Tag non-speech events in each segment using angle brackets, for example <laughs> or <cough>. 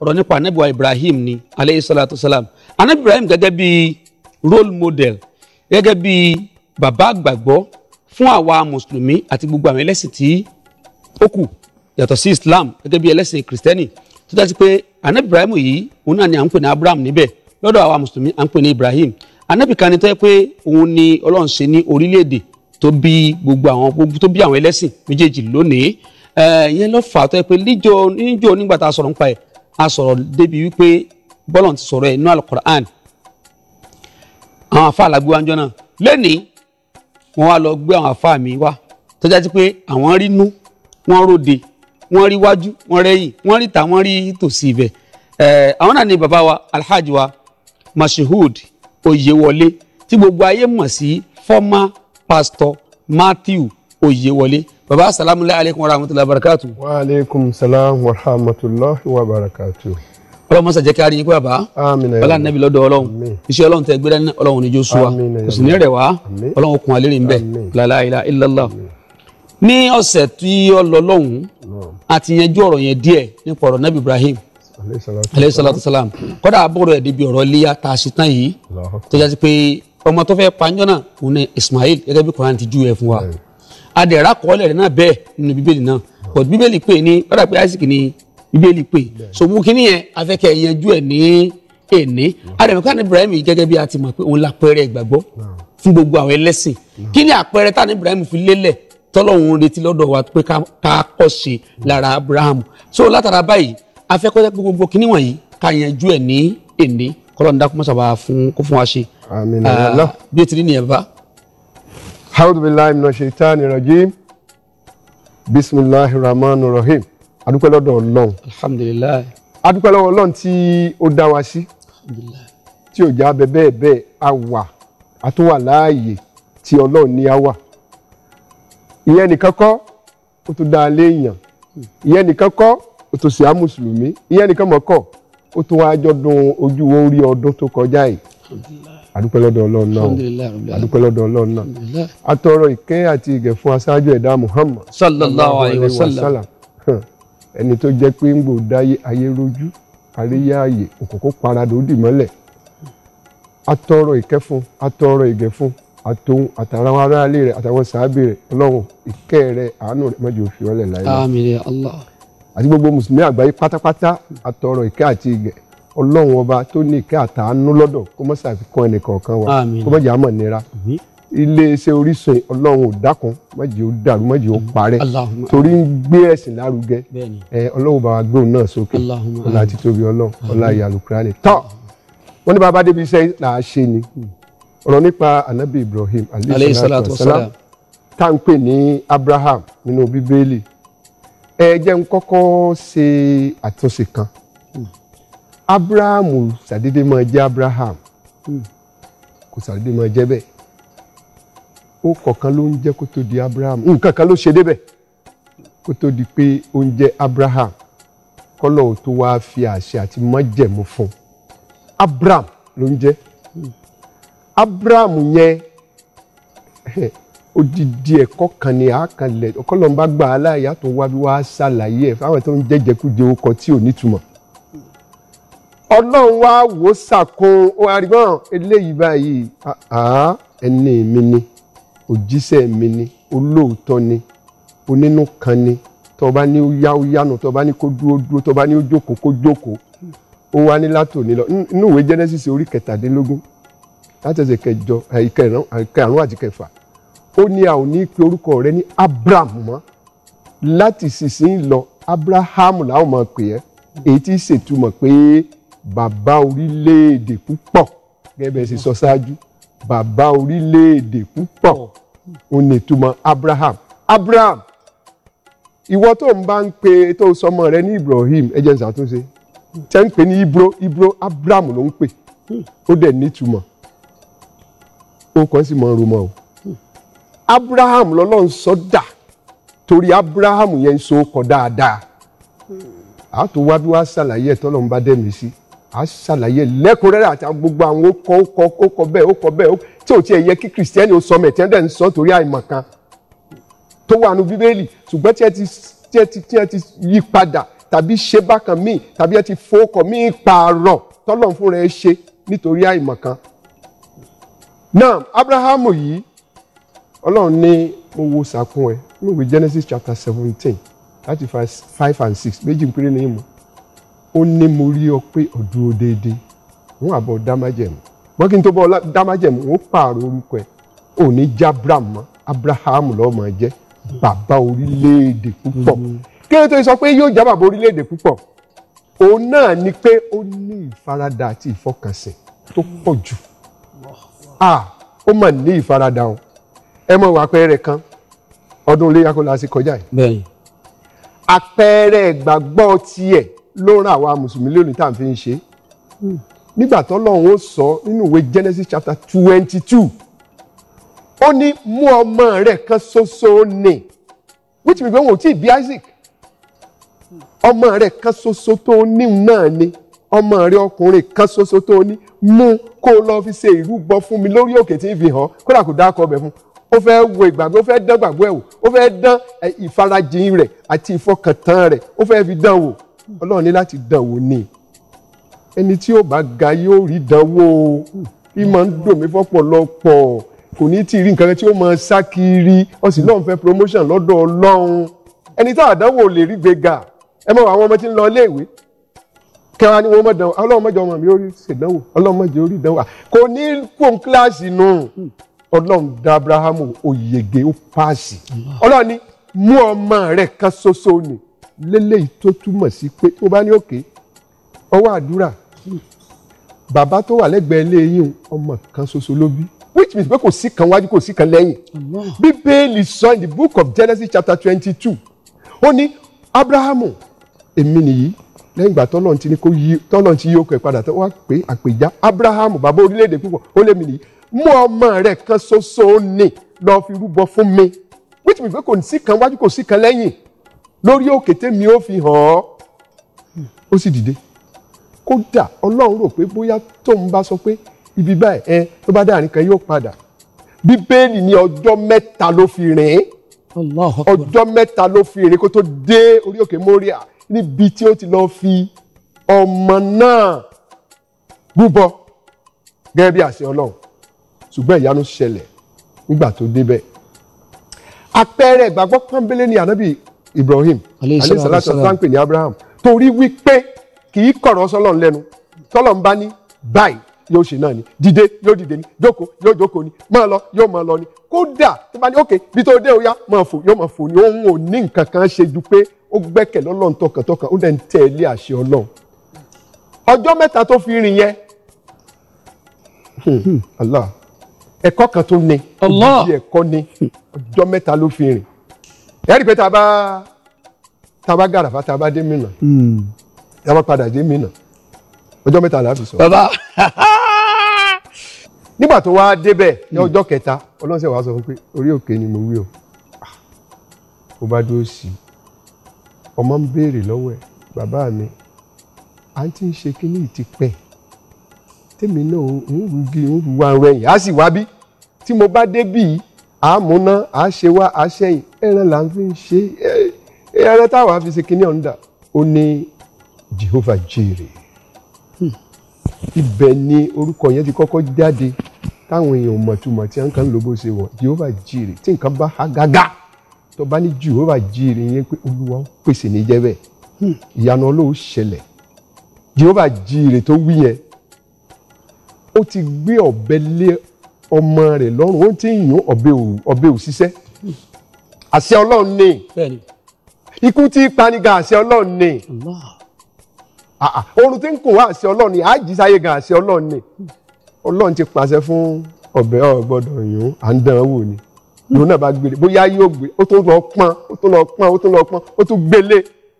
ọ̀rọ̀ nípa anabi wa ibrahim ni aleyhi salatu salam anabi ibrahim gẹ́gẹ́ bí role model gẹ́gẹ́ bí bàbá àgbàgbọ́ fún àwa mùsùlùmí àti gbogbo àwọn ẹlẹ́sìn tí ó kù yàtọ̀ sí islam gẹ́gẹ́ bí ẹlẹ́sìn kristẹni tó dájú pé anabi ibrahim yìí òun náà ni à ń pè ní abraham níbẹ̀ lọ́dọ̀ àwa mùsùlùmí à ń pè ní ibrahim anabi kan ni tó yẹ pé òun ni ọlọ́run ṣe ní orílẹ̀-èdè tó bí gbogbo àwọn gbogbo tó bí àwọn ẹlẹ́sìn méjèèjì lónìí ìyẹn ló fà á tó yẹ pé níjọ nígbà tá a sọ̀rọ̀ nípa ẹ̀ a sọ̀rọ̀ débi wípé bọ́lọ̀ ti sọ̀rọ̀ ẹ̀ inú alukur'an àwọn afa àlágbé wa ń jọ náà lẹ́nìí wọ́n wá lọ gbé àwọn afa mi wá tọ́já sí pé àwọn rí nú wọ́n ròde wọ́n rí wájú wọ́n rẹ́yìn wọ́n rí ta wọ́n rí tòsí ibẹ̀ àwọn náà ni bàbá wa alhaji wa mashihud oyewole tí gbogbo ayé mọ̀ sí former pastor matthew oyewole baba salamu alaykum wa rahmatulah barakatu. wa aleykum salaam wa rahmatulah wa barakatu. ọlọ́run sàjẹ́ kí a rí yín pé bàbá ọlá nàbí lọ́dọ̀ ọlọ́run iṣẹ́ ọlọ́run tẹ gbé dání ọlọ́run ní joshua òsìní rẹ̀ wá ọlọ́run kun àlérí nbẹ la ilaha illallah. ní ọ̀sẹ̀ tí ó lọ lọ́hùn-ún àti yanjú ọ̀rọ̀ yẹn díẹ̀ nípa ọ̀rọ̀ nàbí ibrahim aleyhi salatu salam kọ́dà abúrò ẹ̀ débi ọ̀rọ̀ líya tá a ṣe tán yìí tó yà sí pé ọmọ tó fẹ́ panjọ́ náà òun ni ismail gẹ́gẹ́ bí kòrán ti júwe fún wa adẹ̀rà kọ́lẹ̀ rẹ̀ náà bẹ́ẹ̀ nínú bíbélì náà but bíbélì pè ní padà pé isaac ni bíbélì pè so mú kínní yẹn afẹ́kẹ́ yanjú ẹ̀ ní èní adẹ̀mọ̀ká ní ibrahim gẹ́gẹ́ bí a ti mọ̀ pé òun lápẹẹrẹ ìgbàgbọ́ fún gbogbo àwọn ẹlẹ́sìn kí ni àpẹẹrẹ tá ní ibrahim fi lélẹ̀ tọ́lọ́hún retí lọ́dọ̀ wa pé ká kọ́ ṣe lára abraham so látara báyìí afẹ́kọ́jẹ́ pé gbogbo kínní wọ̀nyí ká yanjú ẹ̀ ní èní kọ́lọ́ndà kó mọ́sàbà fún kó fún wa ṣe. Allah bí o ti rí nìyẹn bá haúdù bíi láì mìíràn ṣe tá ní rajim bisimilahi rahman rahim adúpẹ́ lọ́dọ̀ ọlọ́run alhamdulilayi adúpẹ́ lọ́wọ́ ọlọ́run tí ó dá wa sí tí ò já bẹ bẹ́ẹ̀ bẹ́ẹ̀ a wà a tó wà láàyè tí ọlọ́run ní a wà ìyẹn nìkan kọ́ ó tó dá a léèyàn ìyẹn nìkan kọ́ ó tó sì á mùsùlùmí ìyẹn nìkan mọ̀ kọ́ ó tó wá jọdún ojú orí ọdún tó kọjá yìí àdúpẹ́ lọ́dọ̀ ọlọ́run náà àdúpẹ́ lọ́dọ̀ ọlọ́run náà atọrọ ìkẹ́ àti ìgẹ̀ fún aṣáájú ẹ̀dá Muhammad sallallahu alayhi wa sallam ẹni tó jẹ́ pé ń gbò dáyé ayé rojú àríyá ààyè òkòkò paradò dì mọ́lẹ̀ atọrọ ìkẹ́ fún atọrọ ìgẹ̀ fún àtòun àtàràwọn aráalé rẹ̀ àtàwọn sàábì rẹ̀ ọlọ́run ìkẹ́ rẹ̀ àánú rẹ̀ má jẹ́ ó láyé àti gbogbo mùsùlùmí àgbáyé pátápátá atọrọ ìkẹ́ àti ìgẹ̀ ọlọ́run ọba tó ní ìkẹ́ àtàánú lọ́dọ̀ kó mọ́ ṣàfikún ẹnì kọ̀ọ̀kan wa kó mọ́ jẹ́ àmọ̀ nira iléeṣẹ́ orísun ọlọ́run ò dákun má jẹ́ ó dàrú má jẹ́ ó parẹ́ torí ń gbé ẹ̀sìn lárugẹ ọlọ́run bá wa gbé òun náà sókè ọlá títóbi ọlọ́run ọlá ìyàlú kúránì tọ́ wọ́n ní bàbá débi iṣẹ́ là á ṣe ni hmm. ọ̀rọ̀ nípa anabi ibrahim alayhi wasalam tá à ń pè ní abraham nínú bíbélì ẹ jẹ́ n kọ́kọ́ ṣe àtúnṣe kan. Hmm. Abraham ṣàdédé máa jẹ́ abraham hmm. kò ṣàdédé máa jẹ́ bẹ́ẹ̀ ó kọ̀ọ̀kan ló ń jẹ́ kó tó di abraham nǹkan kan ló ṣe débẹ̀ kó tó di pé ó ń jẹ́ abraham kọ́lọ̀ ò tó wáá fi àṣẹ àti májẹ̀mú fún abraham ló ń jẹ́ hmm. abraham yẹn odidi ẹ̀kọ́ kan ni àákanlẹ̀ ọkọ́lọ́mbà gbà á láàyè àtúnwá bí wàá ṣàlàyé ẹ̀ fáwọn tó ń jẹ́jẹ́kújẹ okọ̀ tí ò nítumọ̀ ọlọ́run wa wò sàkún àrígbọ́n ah, eléyìí báyìí ah, ah, ẹni mi ni òjíṣẹ́ mi ni olóòótọ́ ni onínú kan ni tọba ní ó yá ó yánu tọba ní kó dúró dúró tọba ní ó jókòó kó jókòó ó wá ní látòní lọ inú ìwé Genesis orí kẹtàdínlógún látẹsẹ̀ kẹjọ ìkarùn àti kẹfà ó ní a ò ní pe orúkọ rẹ ní Abraham mọ́ láti sísìn lọ Abraham làwọn máa pè é èyí tí ṣètumọ̀ pé bàbá orílẹ̀-èdè púpọ̀ gẹ́gẹ́ bẹ́ẹ̀ ṣe sọ ṣáájú bàbá orílẹ̀-èdè púpọ̀ ó ní ìtumọ̀ Abraham Abraham ìwọ tó ń bá ń pe tó sọmọ rẹ ní Ibrahim ẹ jẹ́ n ṣàtúnṣe tẹ́ ń pè ní Ibro Ibro Abraham ló ń pè ó dẹ̀ nítumọ̀ ó kàn sí mọ́ romọ́ o Abraham lọ́lọ́run sọ́dà torí Abraham yẹn ń so kọ́ dáadáa àtúwádúwá ṣàlàyé ẹ̀ tọ́lọ́run bá dẹ̀ mí sí. Si a ṣàlàyé lẹ́kùnrẹ́rẹ́ àti gbogbo àwọn ó kọ ó kọ ó kọ bẹ́ẹ̀ ó kọ bẹ́ẹ̀ tí ò tiẹ̀ yẹ kí kìrìsìtẹ́nì ó sọ mẹ̀tẹ́ndẹ̀ ń sọ torí àìmọ̀ kan tó wà nù bíbélì ṣùgbọ́n tí ẹ ti tí ẹ ti tí ẹ ti yí padà tàbí ṣe bákan míì tàbí ẹ ti fowókọ míì pààrọ̀ tọ́lọ̀ fún rẹ̀ ṣe nítorí àìmọ̀ kan. náà Abrahamu yìí ọlọ́run ní mo wo sàkún ẹ ní ìwé Genesis chapter seventeen thirty five and six méjì péré ní ìmọ̀ ó ní mo rí ọ pé ọ̀dúró déédéé wọn àbọ̀ dámájẹ̀mú wọn kí n tó bọ́ dámájẹ̀mú wọn pààrọ̀ orúkọ ẹ̀ ò ní já abraham mọ́ abraham lọ́ọ́ máa jẹ́ bàbá orílẹ̀-èdè púpọ̀ mm-hmm. kí ló tó sọ pé yóò já bàbá orílẹ̀-èdè púpọ̀ òun náà ni pé ó ní ìfaradà àti ìfọkànsìn tó pọ̀ jù à ó mà ní ìfaradà o ẹ mọ̀ wà pẹ́ẹ́rẹ́ kan ọdún iléyà kó la kọjá yìí àpẹẹrẹ ìgbàgbọ́ tiẹ̀ ló ń ran àwa mùsùlùmí lónìí tá à ń fi ṣe nígbà tọ́lọ́run ó sọ nínú ìwé Genesis chapter twenty two ó ní mú ọmọ rẹ̀ kan ṣoṣo ni which means pé wọn ò tí ì bí Isaac ọmọ rẹ̀ kan ṣoṣo tó ní náà ni ọmọ rẹ̀ ọkùnrin kan ṣoṣo tó ní mú kó lọ fi ṣe ìrúbọ fún mi lórí òkè tí ń fi hàn kódà kò dákọ ọbẹ fún ó fẹ́ wo ìgbàgbọ́ ó fẹ́ dán gbàgbọ́ ẹ̀ wò ó fẹ́ dán ìfarajìn rẹ̀ àti ìfọkàntán rẹ̀ ó fẹ́ fi dán wò ọlọ́run ní láti dánwò ni ẹni tí ó bá ga yóò rí dánwò ìmọ̀ ń dùn mí fọ́pọ̀lọpọ̀ kò ní tí ì rí nǹkan tí ó máa sá kiri ó sì lóun fẹ́ promotion lọ́dọ̀ ọlọ́run ẹni tá àdánwò lè rí gbéga ẹ mọ̀ àwọn ọmọ tí ń lọ iléèwé kẹwàá ni wọ́n mọ̀ dánwò ọlọ́run mọ̀jọ ọmọ mi ó rí ṣèdánwò ọlọ́run mọ̀jọ ó rí dánwò kò ní kó ń kíláàsì nù ọlọ́run dá abrahamu ó ó páàsì ọlọ́run ni mú ọmọ rẹ̀ kan ṣoṣo ni lélẹ́yìí tó túmọ̀ sí pé tó bá ní òkè ọwọ́ àdúrà hmm, bàbá tó wà lẹ́gbẹ̀ẹ́ ilé ọmọ kan ṣoṣo ló bí which means pé kò sí kan wájú kò sí kan lẹ́yìn bíbélì sọ in the book of Genesis chapter twenty two ó ní Abrahamu èmi nìyí lẹ́yìn ìgbà tọ́lọ́n ti ní kó yí tọ́lọ́n ti yí okùn ẹ̀ padà tó wá pé àpèjá Abrahamu bàbá orílẹ̀-èdè púpọ̀ ó lé mi nìyí mú ọmọ rẹ̀ kan ṣoṣo ní lọ́ọ́ fi rúbọ fún mi which means pé kò sí kan wájú kò sí kan lẹ́yìn lórí òkè tèmi ó fi hàn ọ́ ó sì dìde kódà ọlọ́run rò pé bóyá tóun bá sọ pé ibi báyìí ẹ tó bá dáàrin kan yóò padà bíbélì ní ọjọ́ mẹ́ta ló fi rìn ọjọ́ mẹ́ta ló fi rìn kó tó dé orí òkè Móríà níbi tí ó ti lọ́ọ́ fi ọmọ náà rúbọ gẹ́gẹ́ bí àṣẹ ọlọ́run ṣùgbọ́n ìyanu ṣẹlẹ̀ nígbà tó débẹ̀ àpẹẹrẹ ìgbàgbọ́ pọ́nbélé ni ànábì Ibrahim aleyhisalatu wasalam pè ní Abraham torí wípé kì í kọ̀rọ̀ sọ́lọ́n lẹ́nu tọ́lọ́n bá ní báyìí yóò ṣe náà ni dìde yóò dìde ni jókòó yóò jókòó ni máa lọ yóò máa lọ ni kódà tó bá ní òkè bí tó dé òya máa fò yóò máa fò ni òun ò ní nǹkan kan ṣe ju pé ó gbẹ́kẹ̀ lọ́lọ́run tọkàntọkàn ó dẹ̀ ń tẹ̀lé àṣẹ Ọlọ́run ọjọ́ mẹ́ta tó fi rìn yẹn hmm, Allah ẹ̀kọ́ kan tó ní ìdí ní ọjọ́ mẹ́ta ló fi rìn ẹ̀rí pé tá a bá tá a bá gàràfà tá a bá dé Mínà hmm. tá a bá padà dé Mínà ọjọ́ mẹ́ta la fi sọ. bàbá <laughs> nígbà tó wá débẹ̀ ní hmm. ọjọ́ kẹta ọlọ́sẹ̀ wàá sọ fún pé orí òkè ni mo wí o ó ah. bá dúró sí i ọmọ ń béèrè lọ́wọ́ ẹ̀ bàbá mi àǹtí ń ṣe kínní ìtìpẹ́ tèmi náà ń rú gí ń rú wa rẹ̀yìn á sì wá bí tí mo bá débì yìí àmúná àṣewá àṣẹyìn ẹran là ń fi ṣe ẹran táwọn fi ṣe kíní ọ̀hún ó ní Jehovah jire hmm. ibẹ̀ ni orúkọ yẹn ti kọ́kọ́ jáde táwọn èèyàn mọ̀túmọ̀ tí wọ́n kàn ń ṣe wọ̀ Jehovah jire tí nǹkan bá há gágá tó bá ní Jehovah jire yẹn pé olúwa pèsè ní bẹ́ẹ̀ hmm. ìyanu olóò ṣẹlẹ̀ Jehovah jire tó wí yẹn ó ti gbé ọ̀bẹ lé ọmọ rẹ̀ lọ́rùn ó ti ń yún ọ̀bẹ òṣìṣẹ́ àṣẹ ọlọ́run ni ikú tí pani gan àṣẹ ọlọ́run ni oorun tí ń kùn wá àṣẹ ọlọ́run ni àjíṣayé gan àṣẹ ọlọ́run ni ọlọ́run ti pàṣẹ fún ọ̀bẹ ọ̀gbọ́dọ̀ yún à ń dán wò ni lòun náà bá gbélé bóyá yóò gbé ó tún lọ pọ́n ó tún lọ pọ́n ó tún lọ pọ́n ó tún gbélé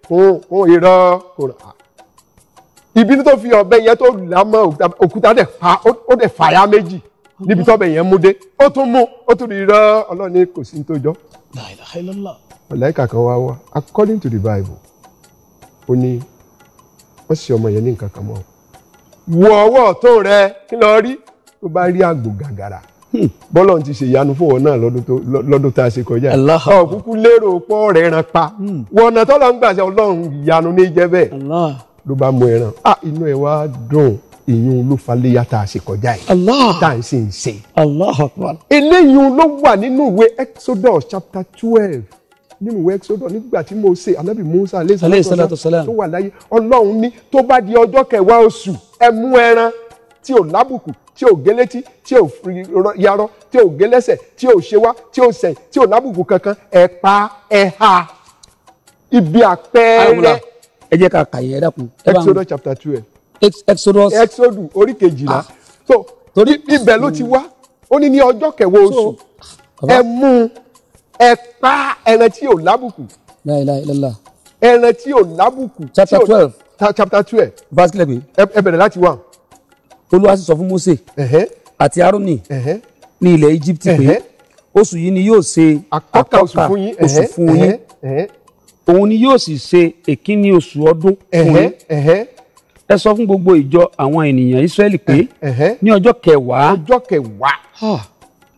fún fún irọ́ kò rà tó fi ọ̀bẹ yẹn tó là òkúta ó dẹ̀ fàyà méjì níbi tọ́bẹ̀ yẹn mú dé ó tún mú ó tún rí rán ọlọ́run ní kò sí tó jọ. màláíkà kan wá wá according to the bible ó ní wọ́n sì ọmọ yẹn ní nǹkan kan mọ́ wọ ọwọ́ ọ̀tún rẹ kí lọ rí tó bá rí àgbò gàgàrà hmm. bọ́lọ̀ ti ṣe ìyanu fòwọ́ náà lọ́dún tá a ṣe kọjá ọ̀ kúkú lérò pọ́ rẹ̀ ran pa hmm. wọ̀nà tọ́lọ́ ń gbàṣẹ ọlọ́run ìyanu ní jẹ́ bẹ́ẹ̀ ló bá mú ẹran ah inú ẹ wá dùn ìyún ló faléyà tá a ṣe kọjá yìí. Allah tá à ń ṣe ń ṣe. Allahu Akbar. eléyìí ló wà nínú ìwé Exodus chapter twelve nínú ìwé Exodus nígbà tí mo ṣe anabi Musa aleyhi salatu salam tó wà láyé Ọlọ́run ní tó bá di ọjọ́ kẹwàá oṣù ẹ mú ẹran tí ò lábùkù tí ò gélétí tí ò yarọ tí ò gélẹ́sẹ̀ tí ò ṣewá tí ò sẹ̀ tí ò lábùkù kankan ẹ pa ẹ ha ibi àpẹẹrẹ. ẹ jẹ́ ká kàyé ẹ dákun. Exodus chapter twelve exodus exodus orí kejìlá ah. so torí ibẹ̀ ló ti wá ó ní ní ọjọ́ kẹwàá oṣù ẹ mú ẹ pa ẹran tí ò lábùkù ẹran tí ò lábùkù chapter twelve chapter twelve verse eleven ẹ bẹ̀rẹ̀ láti wà. olúwa sì sọ fún mose àti aaroni ní ilẹ̀ egypt pé oṣù yìí ni yóò ṣe àkọ́kà oṣù fún yín òun ni yóò sì ṣe èkínní oṣù ọdún fún yín ẹ sọ fún gbogbo ìjọ àwọn ènìyàn Ísírẹ́lì pé eh, eh, eh. ní ọjọ́ kẹwàá ọjọ́ kẹwàá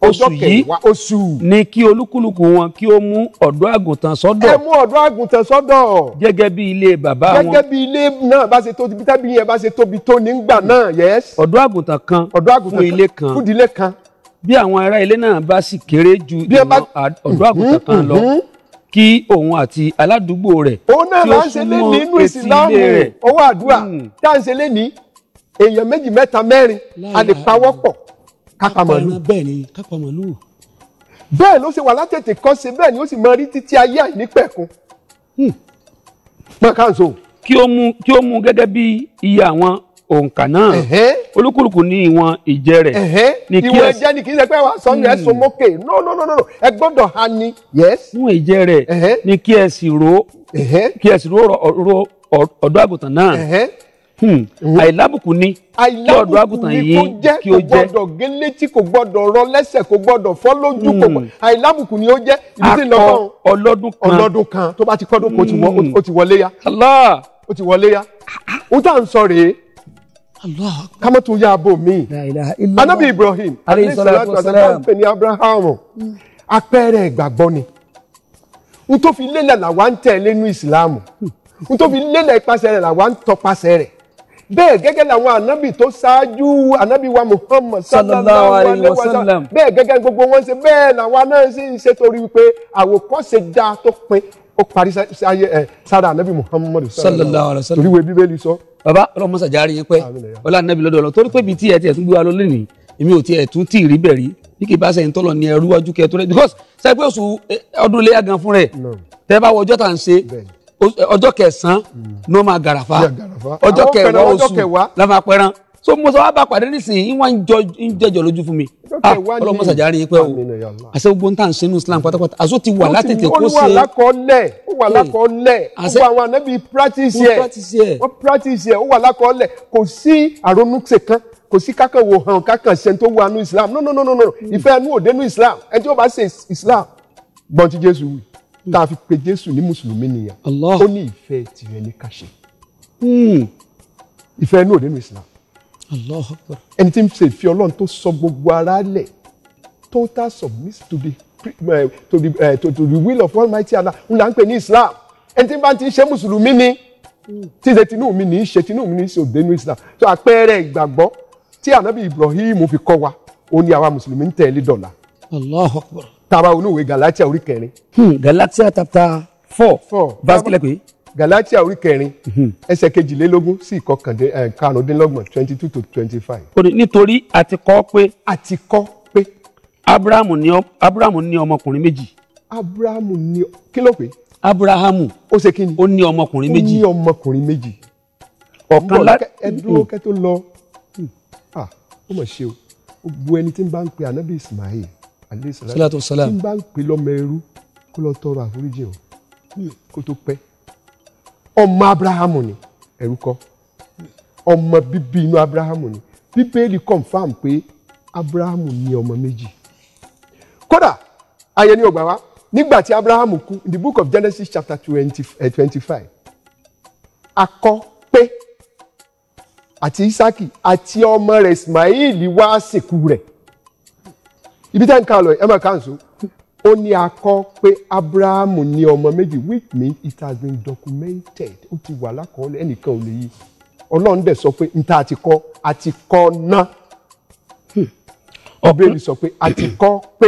oṣù yìí oṣù ni kí olúkúlùkù wọn kí ó mú ọ̀dọ́ àgùntàn sọ́dọ̀. ẹ mú ọ̀dọ́ àgùntàn sọ́dọ̀. gẹ́gẹ́ bí ilé bàbá wọn. gẹ́gẹ́ bí ilé náà bá ṣe tóbi tábìlì yẹn bá ṣe tóbi tó nígbà náà yes. ọ̀dọ́ àgùntàn kan fún ilé kan fún ìdílé kan. bí àwọn ará ilé náà bá sì kéré ju ìmọ̀ àgùntàn kan lọ mm-hmm kí òun àti aládùúgbò rẹ̀ tí ó súnmọ́ etí ilé rẹ̀ owó àdúrà hmm. tá à ń ṣe lẹ́ni èèyàn méjì mẹ́ta mẹ́rin a lè pawọ́ pọ̀ kápamọ̀lù bẹ́ẹ̀ ló ṣe wà látètè kọ́ ṣe bẹ́ẹ̀ ni ó sì máa rí títí ayé àìnípẹ̀kun mọ̀ hmm. káàzó. kí ó mú kí ó mú gẹ́gẹ́ bí iye àwọn òǹkà náà olúkúlùkù ní ìwọn ìjẹ rẹ̀ ní kí ẹ ìwọn ìjẹ ni kì í ṣe sọ yẹn hmm. so mókè no no no no ẹ gbọ́dọ̀ ha ni. fún ìjẹ rẹ̀ ní kí ẹ sì ro kí ẹ sì ro ọ̀dọ́ àgùntàn náà hmm. àìlábùkù ni kí ọ̀dọ́ àgùntàn yìí kí ó jẹ́. kò gbọ́dọ̀ gélétí kò gbọ́dọ̀ rọ lẹ́sẹ̀ kò gbọ́dọ̀ fọ́ lójú kò hmm. gbọ́dọ̀ àìlábùkù ni ó jẹ́. akọ ọlọ́dún kan ọlọ́dún kan tó bá ti kọ́dún kó o ti wọlé ya. Allah ó ti wọlé ya. ó ah, ah. tà ń sọ rèé kámọ́ tún yá abó mi anábì Ibrahim alayhi salatu wasalam pè ní Abrahamu apẹẹrẹ ìgbàgbọ́ ni n tó fi lélẹ̀ làwa ń tẹ̀lé nínú ìsìláàmù n tó fi lélẹ̀ ipasẹ̀ rẹ̀ làwa ń tọpasẹ̀ rẹ̀ bẹ́ẹ̀ gẹ́gẹ́ làwọn ànábì tó ṣáájú ànábì wa Muhammad sallallahu alayhi wa sallam bẹ́ẹ̀ gẹ́gẹ́ gbogbo wọn ṣe bẹ́ẹ̀ làwa náà ṣe ń ṣe torí wípé àwòkọ́ṣe dáa tó pin ó parí sára anabi muhammadu sallallahu alaihi wa sallam toríwé bíbélì sọ. baba ọlọ́run mọsa jaari yín pẹ ọlá anabi lọ́dọ̀ ọlọ torí pé bíi tí ẹ ti ẹ tún gbé wa lọ lónìí èmi ò ti ẹ tún tí ì rí bẹ̀ rí bí kì í bá sẹ́yìn tọ́lọ̀ ní ẹrú wájú kẹ tó rẹ because sẹ́yìn pé oṣù ọdún ilé agan fún rẹ tẹ́ bá wọ ọjọ́ tà ń ṣe ọjọ́ kẹsàn ní wọ́n máa gàràfà ọjọ́ kẹwàá oṣù la máa so mo sọ wá bá pàdé nísìnyí wọn ń jẹjọ lójú fún mi ah ọlọmọ sàjà rìn pẹ o àṣẹ gbogbo nǹkan ṣe ní islam pátápátá àṣọ ti wà látètè kó ṣe ó wà lákọọ́lẹ̀ ó wà lákọọ́lẹ̀ ó wà àwọn ànábì practice yẹ wọ́n practice yẹ ó wà lákọọ́lẹ̀ kò sí àrònúṣe kan kò sí kákan wo hàn kákan ṣe tó wà nù islam no no no no no hmm. ìfẹ́ ẹnu òde nù islam ẹni tí ó bá ṣe islam gbọ́n ti jésù wù hmm. tá a fi pe jésù ní mùsùlùmí nìyẹn ó ní ìfẹ́ tìrẹ ní káṣe hmm. ìfẹ́ ẹnu òde nù islam ẹni tí ń ṣe ìfẹ́ ọlọ́run tó sọ gbogbo ara lẹ̀ total submit to the eh, to the uh, to, to the will of Almighty Allah n là ń pè ní Islam ẹni tí bá ti ń ṣe mùsùlùmí ni tí ṣe tinú mi ní í ṣe tinú mi ní í ṣe òdenu Islam tó àpẹẹrẹ ìgbàgbọ́ tí anabi Ibrahim fi kọ́ wa ó ní àwa mùsùlùmí ń tẹ̀lé dọ̀la. Allahu Akbar. tàbá onúwe Galatia orí kẹrin. Hmm, Galatia chapter four. four. verse kílẹ̀ pé galatia orí kẹrin mhm. ẹsẹ̀ kejìlélógún sí ìkọkàndínlọ́gbọ̀n twenty two to twenty five. nítorí a ti kọ pé. a ti kọ pé. abrahamu ní abrahamu ni ọmọkùnrin méjì. abrahamu ní kí ló pé. abrahamu. ó ṣe kí ni. ó ní ọmọkùnrin méjì. ó ní ọmọkùnrin méjì. ọ̀kan la ẹ dúró hmm. kẹ́ tó lọ. ah ó mọ̀ ṣe o gbogbo ẹni tí ń bá ń pe anabi ismail alayhi salatu wasalam tí ń bá ń pe lọ́mọ ẹrú kó lọ tọrọ àforíjì o hmm. kó tó pẹ́ ọmọ abrahamu ni ẹrú kọ́ ọmọ bíbí inú abrahamu ni bíbélì confam pé abrahamu ni ọmọ méjì kódà ayé ni ọgbà wa nígbà tí abrahamu kú in the book of genesis chapter twenty eh, twenty five akọ pé àti isaki àti ọmọ rẹ̀ ismail wá sìnkú rẹ̀ ibi tẹ́ ń ká lọ ẹ máa ká nsọ ó ní akọ kọ pé abrahamu ní ọmọ méjì which means it has been documented ó ti wà lákọọ́lẹ̀ ẹnìkan ò lè yí ọlọ́run dẹ̀ sọ pé nta àti kọ́ àti kọ́ ná ọbẹ̀rì hmm. sọ pé àti kọ́ pé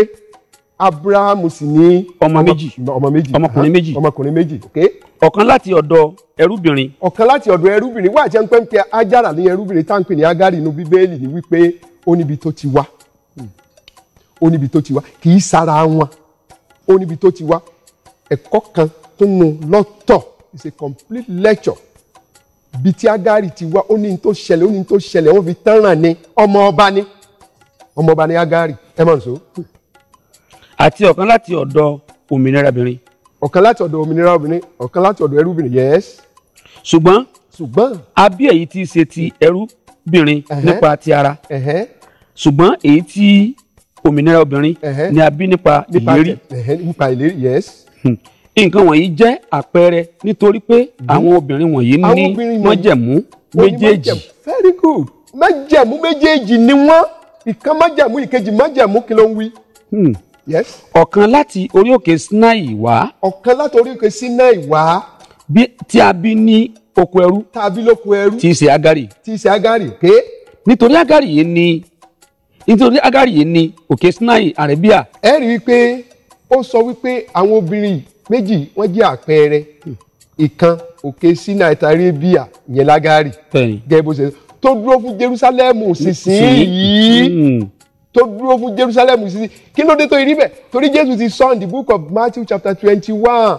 abrahamu sì ní ọmọ méjì ọmọ méjì ọmọkùnrin méjì ọmọkùnrin méjì okay. ọ̀kan láti ọ̀dọ̀ ẹrúbìnrin. ọ̀kan láti ọ̀dọ̀ ẹrúbìnrin wà á jẹ́ ń ń pẹ́ ajára ní ẹrúbìnrin táǹkì à ń pè ní agari inú bíbélì ni wípé ó níbi tó ti wá hmm. ó níbi tó ti wá kì í sara wọn ó níbi tó ti wá ẹ̀kọ́ kan tó nu lọ́tọ̀ it's a complete lecture bí tí agari ti wá ó ní tó ṣẹlẹ̀ ó ní tó ṣẹlẹ̀ wọ́n fi tánràn ni ọmọ ọba ni ọmọ ọba ni agari ẹ mọ̀ nso. àti ọ̀kan láti ọ̀dọ̀ òmìnira obìnrin. ọ̀kan láti ọ̀dọ̀ òmìnira obìnrin ọ̀kan láti ọ̀dọ̀ ẹrúbìnrin yes. ṣùgbọ́n ṣùgbọ́n a bí èyí tí í ṣe ti ẹrúbìnrin nípa ti ara ṣùgbọ́n èyí tí òmìnira obìnrin ni a bí nípa ìlérí. nípa ìlérí yes. Hmm. nǹkan wọ̀nyí jẹ́ àpẹẹrẹ nítorí pé hmm. àwọn obìnrin wọ̀nyí ní májẹ̀mú méjèèjì. very good májẹ̀mú méjèèjì ni wọ́n ìkan májẹ̀mú ìkejì májẹ̀mú kí ló ń wí. Hmm. yes. ọ̀kan láti orí òkè Sinai wá. ọ̀kan láti orí òkè Sinai wá. bí tí a bí ní oko ẹrú. tá lóko ẹrú. tí í ṣe Ágárì. tí í ṣe Ágárì nítorí Ágárì yìí ni nítorí Agárìyé ni òkè Sinai Arabia. ẹ rí i pé ó sọ wípé àwọn obìnrin méjì wọ́n jẹ́ àpẹẹrẹ hmm. ìkan òkè Sinai Arabia yẹn lágárì gẹ́gẹ́ bó ṣe tó dúró fún Jerusalem sísìn yìí hmm. tó dúró fún Jerusalem sísìn kí ló dé tó rí bẹ́ẹ̀ torí Jésù ti sọ in the book of Matthew chapter twenty one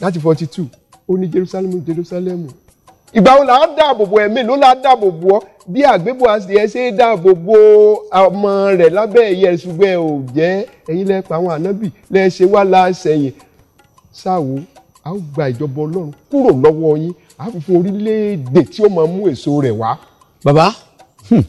láti forty two ó ní Jerusalem Jerusalem ìgbà wo là á dáàbò bò ẹ̀mí ló là dáàbò bò ọ́ bí àgbébọ̀ adìẹ ṣe dáàbò bo ọmọ rẹ̀ lábẹ́ ẹ̀yẹ ṣùgbọ́n ẹ ò jẹ́ ẹ̀yin lẹ pa àwọn ànábì lẹ ṣe wá la ṣẹ̀yìn a ó gba ìjọba ọlọ́run kúrò lọ́wọ́ yín a fi fún orílẹ̀-èdè tí ó máa mú èso rẹ̀ wá. bàbá hmm.